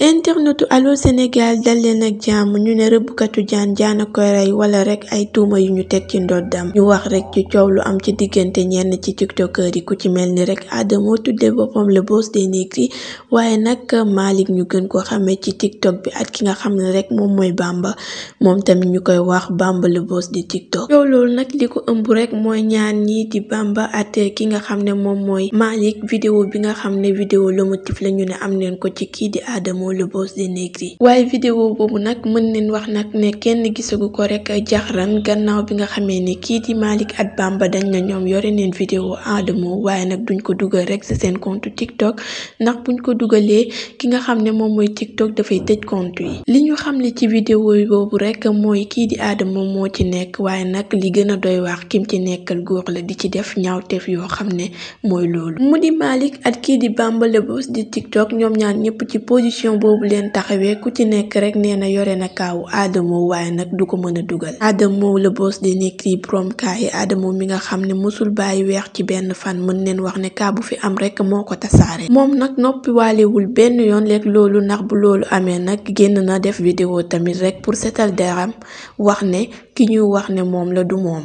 internetu Allô Sénégal dal leen ak jàmm ñu ne rëbbkatu jaan jaana koy rey wala rek ay tuuma yu ñu teg ci ndoddam ñu wax rek ci coow lu am ci diggante ñenn ci tiktokeur yi ku ci mel ni rek Adamo tudde boppam le boss de négri waaye nag Malick ñu gën ko xamee ci tiktok bi ak ki nga xam ne rek moom mooy bàmba moom tamit ñu koy wax Bamba le boss di tiktok coow loolu nag li ko ëmb rek mooy ñaan ñi di Bamba at ki nga xam ne moom mooy Malick vidéo bi nga xam ne vidéo lomotif la ñu ne am neen ko ci kii di Adamo vidéo le boss de Negri waaye vidéo boobu nag mën neen wax nag ne kenn gisagu ko rek jaxran gannaaw bi nga xamee ne kii di Malick ak Bamba dañ na ñoom yore neen vidéo Adamo waaye nag duñ ko dugal rek sa seen compte TikTok ndax buñ ko dugalee ki nga xam ne moom mooy TikTok dafay tëj kont yi li ñu xam ne ci vidéo boobu rek mooy kii di Adamo moo ci nekk waaye nag li gën a doy wax kim ci nekkal góor la di ci def ñaawteef yoo xam ne mooy loolu mu anam boobu leen taxawee ku ci nekk rek nee na yore na kaawu Adamo waaye nag du ko mën a dugal Adamo la boss de Nekri borom kaayi Adamo mi nga xam ne mosul bàyyi weex ci benn fan mën neen wax ne kaa bu fi am rek moo ko tasaare moom nag noppi waalewul benn yoon lekk loolu ndax bu loolu amee nag génn na def vidéo tamit rek pour setal deram wax ne ki ñuy wax ne moom la du moom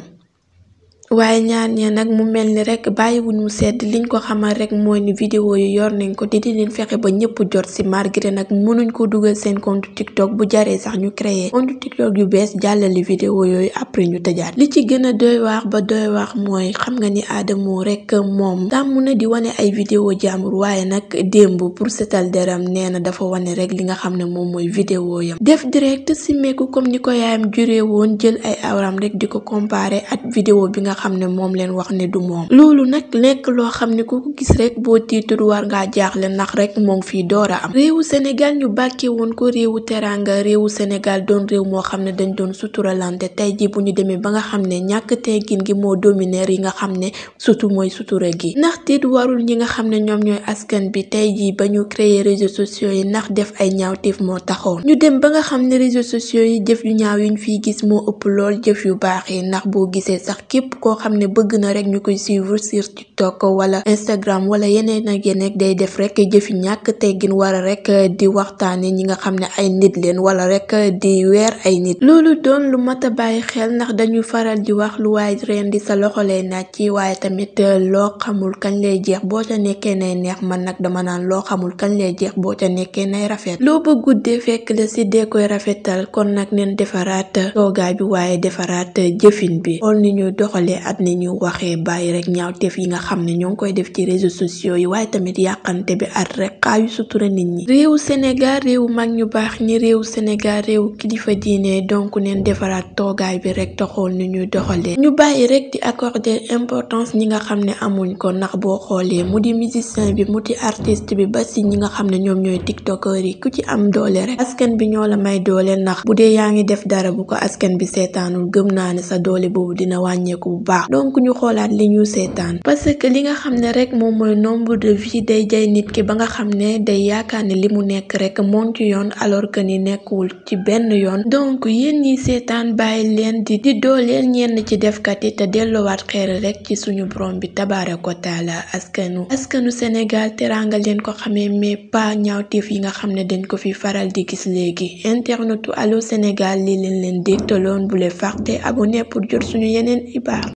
waaye ñaar ña nag mu mel ni rek bàyyiwuñ mu sedd liñ ko xamal rek mooy ni vidéo yi yor nañ ko di di leen fexe ba ñëpp jot si malgré nag mënuñ ko dugal seen compte bu jaree sax ñu créer compte yu bees jàllale vidéo yooyu après ñu tëjaat li ci gën a doy waax ba doy waax mooy xam nga ni Adamo rek moom tàmm na di wane ay vidéo jàmbur waaye nag démb pour setal deram nee na dafa wane rek li nga xam ne moom mooy vidéo yam def direct si comme ni ko yaayam juree woon jël ay awram rek di ko comparé ak vidéo bi nga xam xam ne moom leen wax ne du moom loolu nag nekk loo xam ne ku gis rek boo tiitul war ngaa jaaxle ndax rek moo ngi fii door a am réewu Sénégal ñu bàkkee woon ko réewu teraanga réewu Sénégal doon réew moo xam ne dañ doon suturalante tey ji bu ñu demee ba nga xam ne ñàkk teggin gi moo dominer yi nga xam ne surtout mooy sutura gi ndax tiit warul ñi nga xam ne ñoom ñooy askan bi tey ji ba ñu créer réseau sociaux yi ndax def ay ñaawteef moo taxoon ñu dem ba nga xam ne réseaux sociaux yi jëf yu ñaaw yi ñu fiy gis moo ëpp lool jëf yu baax yi ndax boo gisee sax képp koo xam ne bëgg na rek ñu koy suivre sur TikTok wala Instagram wala yeneen ak yeneen day def rek jëfi ñàkk teggin wala rek di waxtaane ñi nga xam ne ay nit leen wala rek di weer ay nit loolu doon lu mat a bàyyi xel ndax dañuy faral di wax lu waay reen di sa loxo lay naaj ci waaye tamit loo xamul kañ lay jeex boo ca nekkee nay neex man nag dama naan loo xamul kañ lay jeex boo ca nekkee nay rafet loo ba guddee fekk la si dee koy rafetal kon nag neen defaraat toogaay ne at ni ñu waxee bàyyi rek ñaawteef yi nga xam ne ñoo ngi koy def ci réseaux sociaux yi waaye tamit yàqante bi at rek xaayu sutura nit ñi réewu Sénégal réewu mag ñu baax ñi réewu Sénégal réewu kilifa diine donc neen defaraat toogaay bi rek taxool nu ñuy doxalee ñu bàyyi rek di accorder importance ñi nga xam ne amuñ ko ndax boo xoolee mu di musicien bi mu di artiste bi ba si ñi nga xam ne ñoom ñooy tiktokeur yi ku ci am doole rek askan bi ñoo la may doole ndax bu dee yaa ngi def dara ko askan bi seetaanul gëm naa ne sa doole boobu dina wàññeeku baax donc ñu xoolaat li ñu seetaan parce que li nga xam ne rek moom mooy nombre de vie day jay nit ki ba nga xam ne day yaakaar ne li mu nekk rek moom ci yoon alors que ni nekkul ci benn yoon donc yéen ñi seetaan bàyyi leen di di dooleel ñenn ci defkat yi te delloowaat xeer rek ci suñu brom bi tabaaraka wa taala askanu askanu Sénégal teraanga leen ko xamee mais pas ñaawteef yi nga xam ne dañ ko fi faral di gis léegi internetu Allô Sénégal lii leen leen dégtaloon bu leen fàtte abonné pour jot suñu yeneen xibaar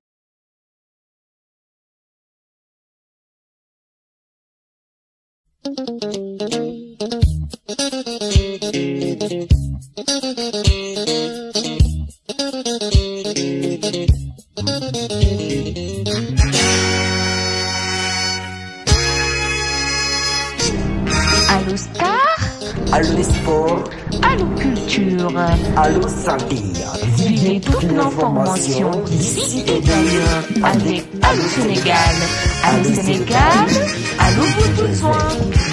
A los Allô sport. Allô culture. Allô santé. Vivez toute l'information d'ici et d'ailleurs avec Allô Sénégal. Allô Sénégal. Allô pour tout soin.